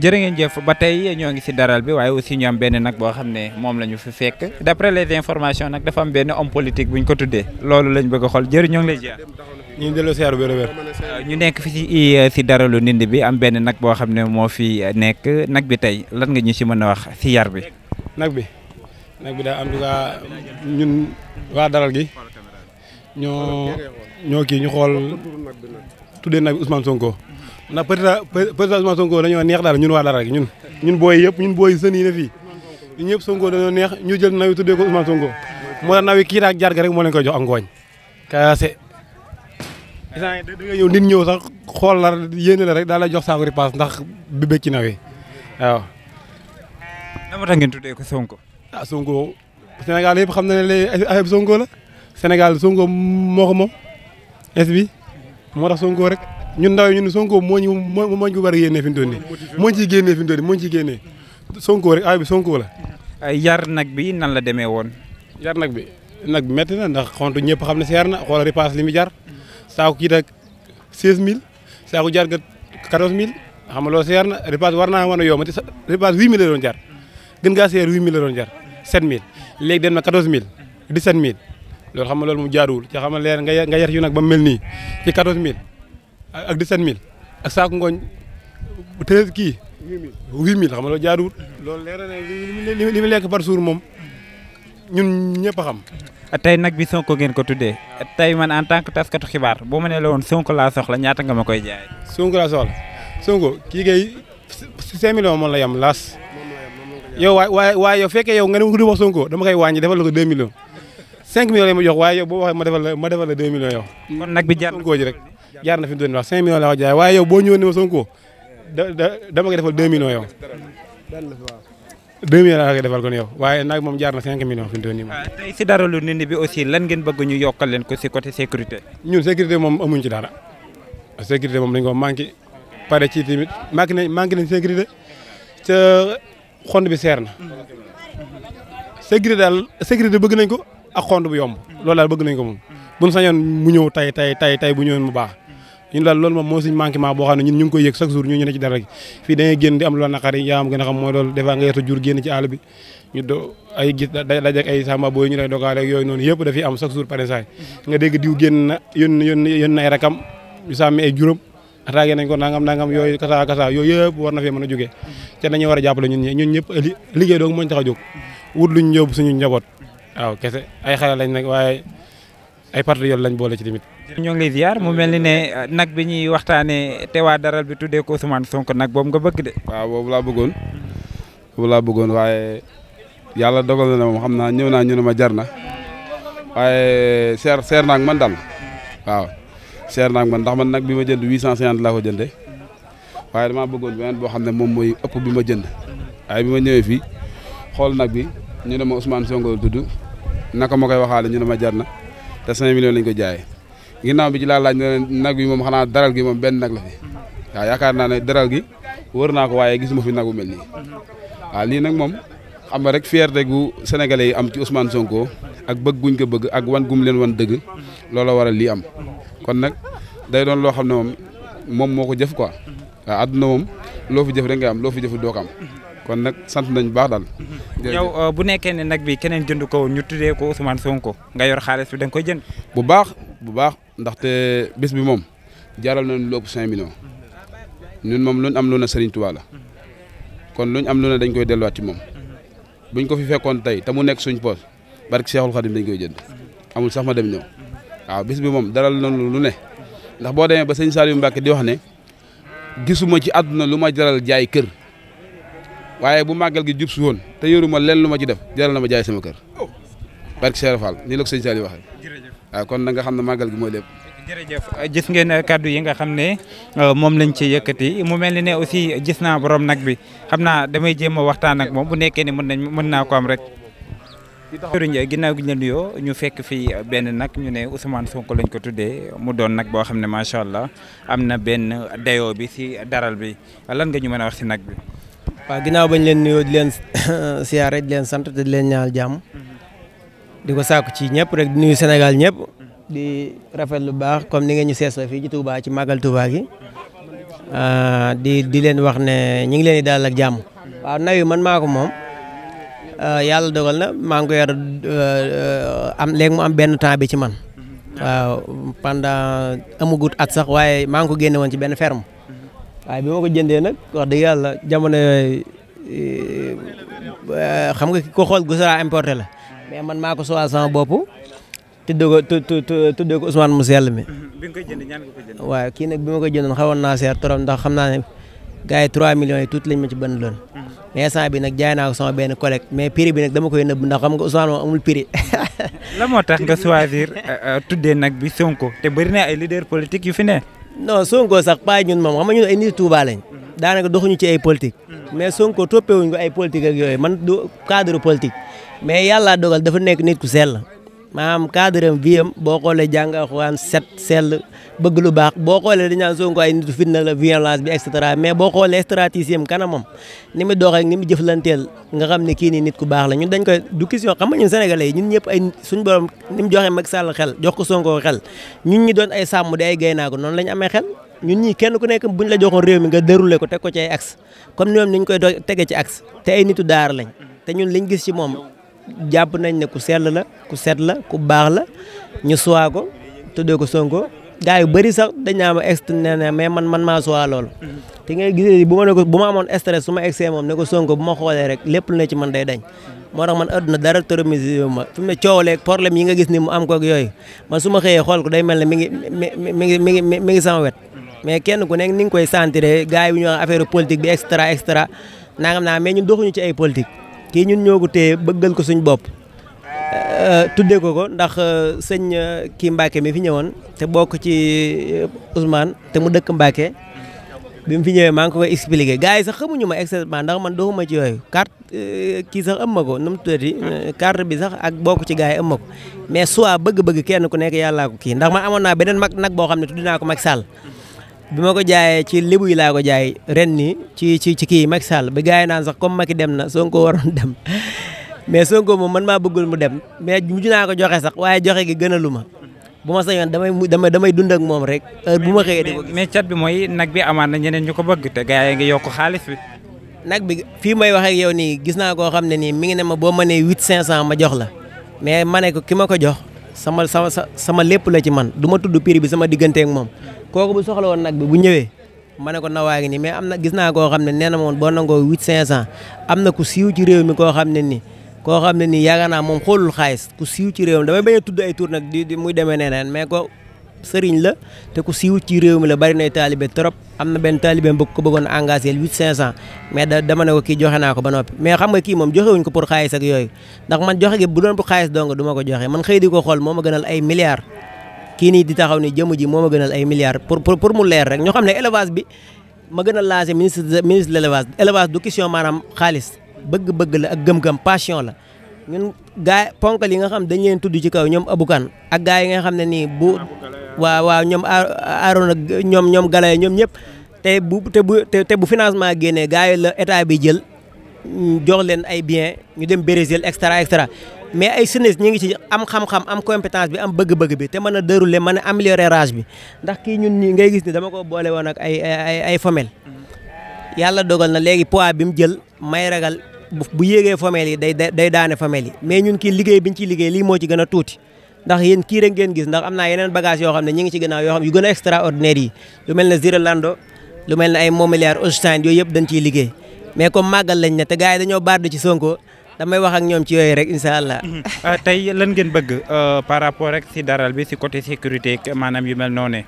jërë ngeen jëf ba tey ñoo ngi ci daral bi waaye aussi ñu am benn nag boo xam ne moom la ñu fi d'après les informations nag dafa am benn homme bu ñu ko tuddee loolu lañ bëgg a xool jërë ñoo ñu ngi delloo siyaar wér euh, ñu nekk fi ci ci daralu Ndindi bi am benn nag boo xam ne moo fi nekk nag bi tey lan nga ñu ci mën a wax ci yar bi. nag bi nag bi daa en ñun waa daral gi. ñoo kii ñu xool tuddee nag bi Ousmane Sonko ndax président président Ousmane Sonko dañoo neex daal ñun waa dara rek ñun ñun booy yëpp ñun booy sën yi ne fii ñun ñëpp Sonko dañoo neex ñu jël nawe tuddee ko Ousmane Sonko moo tax nawi kii daak jarga rek moo leen koy jox ak ngooñ kaase isaan ñëw nit ñëw sax xool la yéene la rek daal lay jox saako ripaas ndax bi bëgg ci nawi waaw dama tax tuddee ko Sonko ah Sonko Sénégal yëpp xam na ne léegi Sonko la Sénégal Sonko moo ko moom bi moo tax Sonko rek ñun ndaw yi ñun Sonko moo ñu moo moo ñu war a génnee fi mu doon nii moo ciy génnee fi mu moo ciy génnee Sonko rek ay bi Sonko la. ay yar nag bi nan la demee woon. yar nag bi nag bi métti na ndax xontu ñëpp xam ne seer na xoolal ripaas li mu jar saako kii nag 16000 saako jar nga 14000 xam nga loo seer na ripaas war naa mën a yomb te sa ripaas 8000 la doon jar gën ngaa seer 8000 la doon jar 7000 léegi dem na 14000 17000. loolu xam nga loolu mu jaaruwul ci xam nga leer nga nga yar yu nag ba mel nii ci 14000 ak 17000 ak saako ngooñ kii. 8000 8000 xam nga loolu jaaruwul. loolu leer li li mu lekk par jour moom ñun ñëpp a xam. tey nag bi Sonko ngeen ko tuddee tey man en tant que taskatu boo ma ne la woon ñaata nga ma koy jaay. Sonko laa soxla kii kay 5 millions moom la yam laas. yow waay waay yow fekkee yow nga ne du wax Sonko dama koy wàññi defal la ko 2 millions. cinq millions la ma jox waaye yow boo waxee ma defal la ma defal la deux millions yow. kon nag bi jaar Sonko ji rek jaar na fi mu doon wax cinq millions laa ko jaay waaye yow boo ñëwoon ni ma Sonko da da dama koy defal deux millions yow. deux millions laa koy defal kon yow waaye nag moom jaar na cinq millions fi mu doon nii moom. Ah, tey si dara lu nit ñi bi aussi lan ngeen bëgg ñu yokkal leen ko si côté sécurité. ñun sécurité moom amuñ ci dara sécurité moom dañ ko manqué pare ci tamit manqué nañ manqué nañ sécurité te xond bi seer na mm-hmm. sécurité daal sécurité bëgg nañ ko. ak xond bu yomb loolu daal bëgg nañ ko moom buñ sañoon mu ñëw tay tay tay tay bu ñëwoon mu baax ñun daal loolu moom moo suñ manquement boo xam ne ñun ñu ngi koy yëg chaque jour ñu ñu ne ci dara gi fii da ngay génn di am lu am gën a ñu do ay gis dajek ay samba yëpp dafiy am chaque jour parensaay nga dégg diw génn na yónn yónn yónn ay rakam ñu nañ ko nangam nangam yooyu kasa kasa yooyu yëpp war na fee mën a jógee te dañuy war a jàppale ñun ñun ñëpp liggéey doog mooñ tax a jóg wut luñ yóbbu suñu njaboot waaw kese ay xale lañ nag waaye ay patriote lañ boole ci tamit. ñoo ngi lay mu mel ni ne nag bi ñuy waxtaanee te waa daral bi tuddee ko Ousmane sonk nag boobu nga bëgg de. laa bëggoon boobu laa bëggoon waaye yàlla dogal na ne moom xam naa ñëw naa ñu ne ma jar na waaye seer seer man daal waaw seer naa man ndax man nag bi ma jënd 850 laa ko jëndee waaye damaa bëggoon beneen boo xam ne moom mooy ëpp bi ma jënd waaye bi ma ñëwee fii xool nag bi. ñu ne ma Ousmane Sonko tudd naka moo koy waxaale ñu ne ma jar na te 5 millions lañ ko jaayee ginnaaw bi ci laa laaj ne nag wi moom xanaa daral gi moom benn nag yaakaar naa ne daral gi wër naa ko waaye gisuma fi nagu mel nii waaw lii nag moom xam nga rek fierté gu sénégalais yi am ci Ousmane Sonko ak bëgg guñ ko bëgg ak wan gum leen wan dëgg loola waral lii am kon nag day doon loo xam ne moom moo ko jëf quoi waaw àdduna moom loo fu jëf rek nga am loo fi jëf doo ko am kon nag sant nañ bu baax daal. yow euh, bu nekkee ne nag bi keneen jënd ko ñu tuddee ko Ousmane ko nga yor xaalis bi da koy jënd. bu baax bu baax ndaxte bis bi moom jaral nañu lu ëpp 5 ñun moom luñ am lu ne Serigne kon luñ am lu dañ koy delluwaat ci moom buñ ko fi fekkoon tey te mu nekk suñ poos barke Cheikhul Khadim dañ koy jënd amul sax ma dem ñëw waaw bis bi moom daral nañu lu ne ndax boo demee ba sëñ Saliou Mbacke di wax ne. gisuma ci àdduna lu ma jaral jaay kër waaye bu màggal gi jub si te yoruma leen lu ma ci def jaral na ma jaay sama kër barke Cheikh Fall nii la ko sëñ Saliou waxee kon na nga xam ne màggal gi mooy lépp jërëjëf gis ngeen kàddu yi nga xam ne euh, moom lañ ci yëkkati mu mel ni ne aussi gis naa borom nag bi xam naa damay jéem a waxtaan ak moom bu nekkee ni mën nañ mën naa ko am rek Bassirou Ndiaye ginnaaw gi ñu la nuyoo ñu fekk fii benn nag ñu ne Ousmane Sonko lañ ko tuddee mu doon nag boo xam ne macha allah am na benn dayoo bi si daral bi lan nga ñu mën a wax si nag bi. waaw ginnaaw bañ leen nuyoo di leen siyaare di leen sant te di leen ñaanal jàmm. di ko sàkku ci ñëpp rek di nuyu Sénégal ñëpp. di rafet lu baax comme ni ngeen ñu sees la fii ci Touba ci màggal Touba gi. Ah, di di leen wax ne ñu ngi leen di ak jàmm. waaw nayu man maa moom. Euh, yàlla dogal na maa ngi ko yor euh, am léegi mu am benn temps bi ci man. waaw pendant amagut at sax waaye maa ngi ko génne woon ci benn ferme. waaye bi ma ko jëndee nag wax dëgg yàlla jamono yooyu euh, xam nga ko xool Gusara importé la. mais man maa ko sowal sama bopp. tuddee ko mu sell mi. bi kii nag bi ma ko jëndoon xawoon naa seer trop ndax xam naa ne. gars yi 3 millions yi tuuti lañ ma loon mais hmm. instant bi nag jaay naa ko sama benn collègue mais prix bi nag dama koy nëbb ndax xam nga amul prix. la moo tax nga choisir euh, euh, tuddee nag bi Sonko te bëri na ay leader politique yu fi ne. non Sonko sax pas ñun moom xam nga ñun ay nit Touba lañ. Hmm. daanaka doxuñu ci ay politique. Hmm. mais Sonko toppewuñ ko ay politique ak yooyu man du cadre politique. mais yàlla dogal dafa nekk nit ku sell. maanaam cadre am vie am boo xoolee jàng alxuraan set sell bëgg lu baax boo xoolee dañaa Sonko ay nitu fitna la violence bi et cetera mais boo xoolee stratégie am kanamam ni mu mu jëflanteel nga xam ne kii nii nit ku baax la ñun dañ koy du question xam nga ñun ñun ñëpp ay suñu borom ni mu joxee Macky xel jox ko Sonko xel ñun ñi doon ay sàmm di ay gaynaa ko noonu la ñu amee xel ñun ñii kenn ku nekk buñ la joxoon réew mi nga déroulé ko teg ko ci ay axe comme ñoom ñu koy tege ci axe te ay nitu daar lañ te ñun liñ gis ci moom jàpp nañ ne ku sell la ku set la ku baax la ñu suwaa ko tuddee ko Sonko gars sax dañaa ma ext nee na man maa suwaa loolu gisee bu ma ne ko bu ma amoon stress su ma moom ne ko Sonko bu ma xoolee rek lépp lu ne ci man day dañ moo tax man adduna dara toromisé ma fi mu ne coowalee yi nga gis ni mu am kook yooyu man su ma xëyee xool ko day mel ne mi ngi mi ngi mi ngi mi ngi sama wet mais kenn ku ni koy sentir gars yi bu ñu wax affaire bi extra extra naa kii ñun ñoo ko téye bëggal ko suñ bopp euh, tuddee ko ko ndax euh, sëñ euh, kii Mbacke mi fi ñëwoon te bokku ci Ousmane te mu dëkk mbaake bi mu fi ñëwee maa ngi ko koy expliqué gars yi sax xamuñu ma exactement ndax man doxuma ci yooyu carte kii sax ëmma ko nu mu tuddati carte bi sax ak bokku ci gars yi ëmma ko mais soit bëgg-bëgg kenn ku nekk yàllaa ko kii ndax ma amoon naa beneen mag nag boo xam ne tudd naa ko Macky Sall bi ma ko jaayee ci lébu yi laa ko jaay ren nii ci ci ci kii Macky Sall bi gars yi naan sax comme Macky dem na ko waroon dem mais ko moom man maa bëggul mu dem mais mujj naa ko joxe sax waaye joxe gi gën a lu ma bu ma sañoon damay damay damay dund ak moom rek heure bu ma xëyee di cat bi mooy nag bi amaat na ñeneen ñu ko bëgg te gars yi ngi yokk xaalis bi. nag bi fii may wax ak yow nii gis naa koo xam ne nii mi ngi ne ma boo mënee huit cinq cent ma jox la mais ma ne ko ki ma ko jox sama sama sama lépp la ci man du ma tudd prix bi sama digganteek moom kooku bu soxla woon nag bi bu ñëwee ma ne ko nawaa ngi ni mais am na gis naa koo xam ne nee na moom boo nangoo huit cinq cent am na ku siiw ci réew mi koo xam ne ni koo xam ne ni yaakaar naa moom xoolul xaalis ku siiw ci réew mi damay bañ a tudd ay tour nag di muy demee neneen mais ko sëriñ la te ku siiw ci mi la bari na taalibe trop am na benn taalibe bu ko bëggoon engagé huit cinq cent mais da dama ko kii joxe naa ko ba noppi mais xam nga kii moom joxewuñ ko pour xaalis ak yooyu ndax man joxe gi bu doon pour xaalis dong du ma ko joxe man ko xool moo ma taxaw ni jëmm ji moo ma gënal ay milliards pour pour mu leer rek ñoo xam ne élevage bi ma gën a lancé ministre ministre de l'élevage élevage du question maanaam xaalis bëgg-bëgg la ak gëm-gëm passion la ñun ga ponkal yi nga xam dañ leen tudd ci kaw ñoom abukan ak gaa yi nga xam ne nii waaw waaw ñoom Arona ñoom ñoom Galaye ñoom ñëpp te bu te bu te bu financement génnee gars yi la état bi jël jox leen ay biens ñu dem Brésil extra extra mais ay jeunesse ñi ngi ci am xam-xam am compétence bi am bëgg-bëgg bi te mën a dérouler mën a améliorer rage bi ndax kii ñun ñi ngay gis ni dama ko boole woon ay ay ay yàlla dogal na léegi poids bi mu jël may ragal bu yéegee femelle yi day day daane femelle yi mais ñun kii liggéey biñ ci liggéey li moo ci gën a tuuti ndax yéen kii ngeen gis ndax am na yeneen bagage yoo xam ne ñi ngi ci gannaaw yoo xam yu gën a extraordinaire yi lu mel ne Zirlando lu mel ne ay Montbéliarde Holstein yooyu yëpp dañ ciy liggéey mais comme màggal lañ ne te gars yi dañoo baar ci Sonko damay wax ak ñoom ci yooyu rek incha allah. Euh, tey lan ngeen bëgg euh, par rapport rek si daral bi si côté sécurité maanaam yu mel noonu.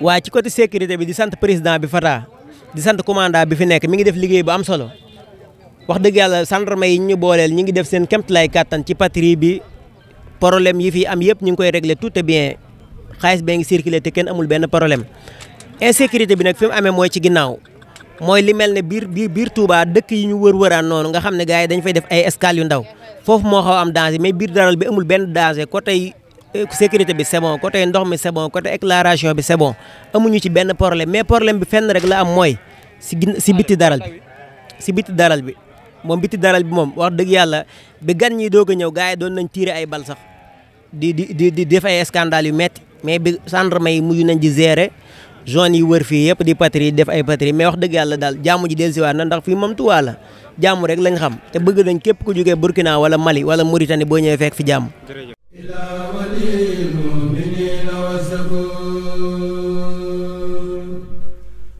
waa ci côté sécurité bi di sant président bi Fata di sant commandant bi fi nekk mi ngi def liggéey bu am solo wax dëgg yàlla gendarme yi ñu booleel ñi ngi def seen kéemtalaay kàttan ci patrie bi problème yi fi am yëpp ñu ngi koy régler tout est bien xaalis bee ngi circuler te kenn amul benn problème insécurité bi nag fi mu amee mooy ci ginnaaw mooy li mel ne biir biir biir Touba dëkk yi ñu wër-wëraan noonu nga xam ne gars yi dañu fay def ay escale yu ndaw foofu moo xaw am danger mais biir daral bi amul benn danger côté euh, sécurité bi c'est côté ndox mi c'est côté éclairage bi c'est amuñu ci benn problème mais problème bi fenn rek la am mooy si si bitti daral bi si bitti daral bi moom biti daral bi moom wax dëgg yàlla bi gan ñi doog a ñëw gars yi doon nañ tiire ay balsax di di di di def ay scandale yu metti mais bi gendarme yi mujj nañ ci gérer zone wër fii yëpp di patrie def ay patrie mais wax dëgg yàlla daal jàmm ji dellusiwaat na ndax fii moom Touba la jàmm rek lañ xam te bëgg nañ képp ku jógee Burkina wala Mali wala Mauritanie boo ñëwee fekk fi jàmm.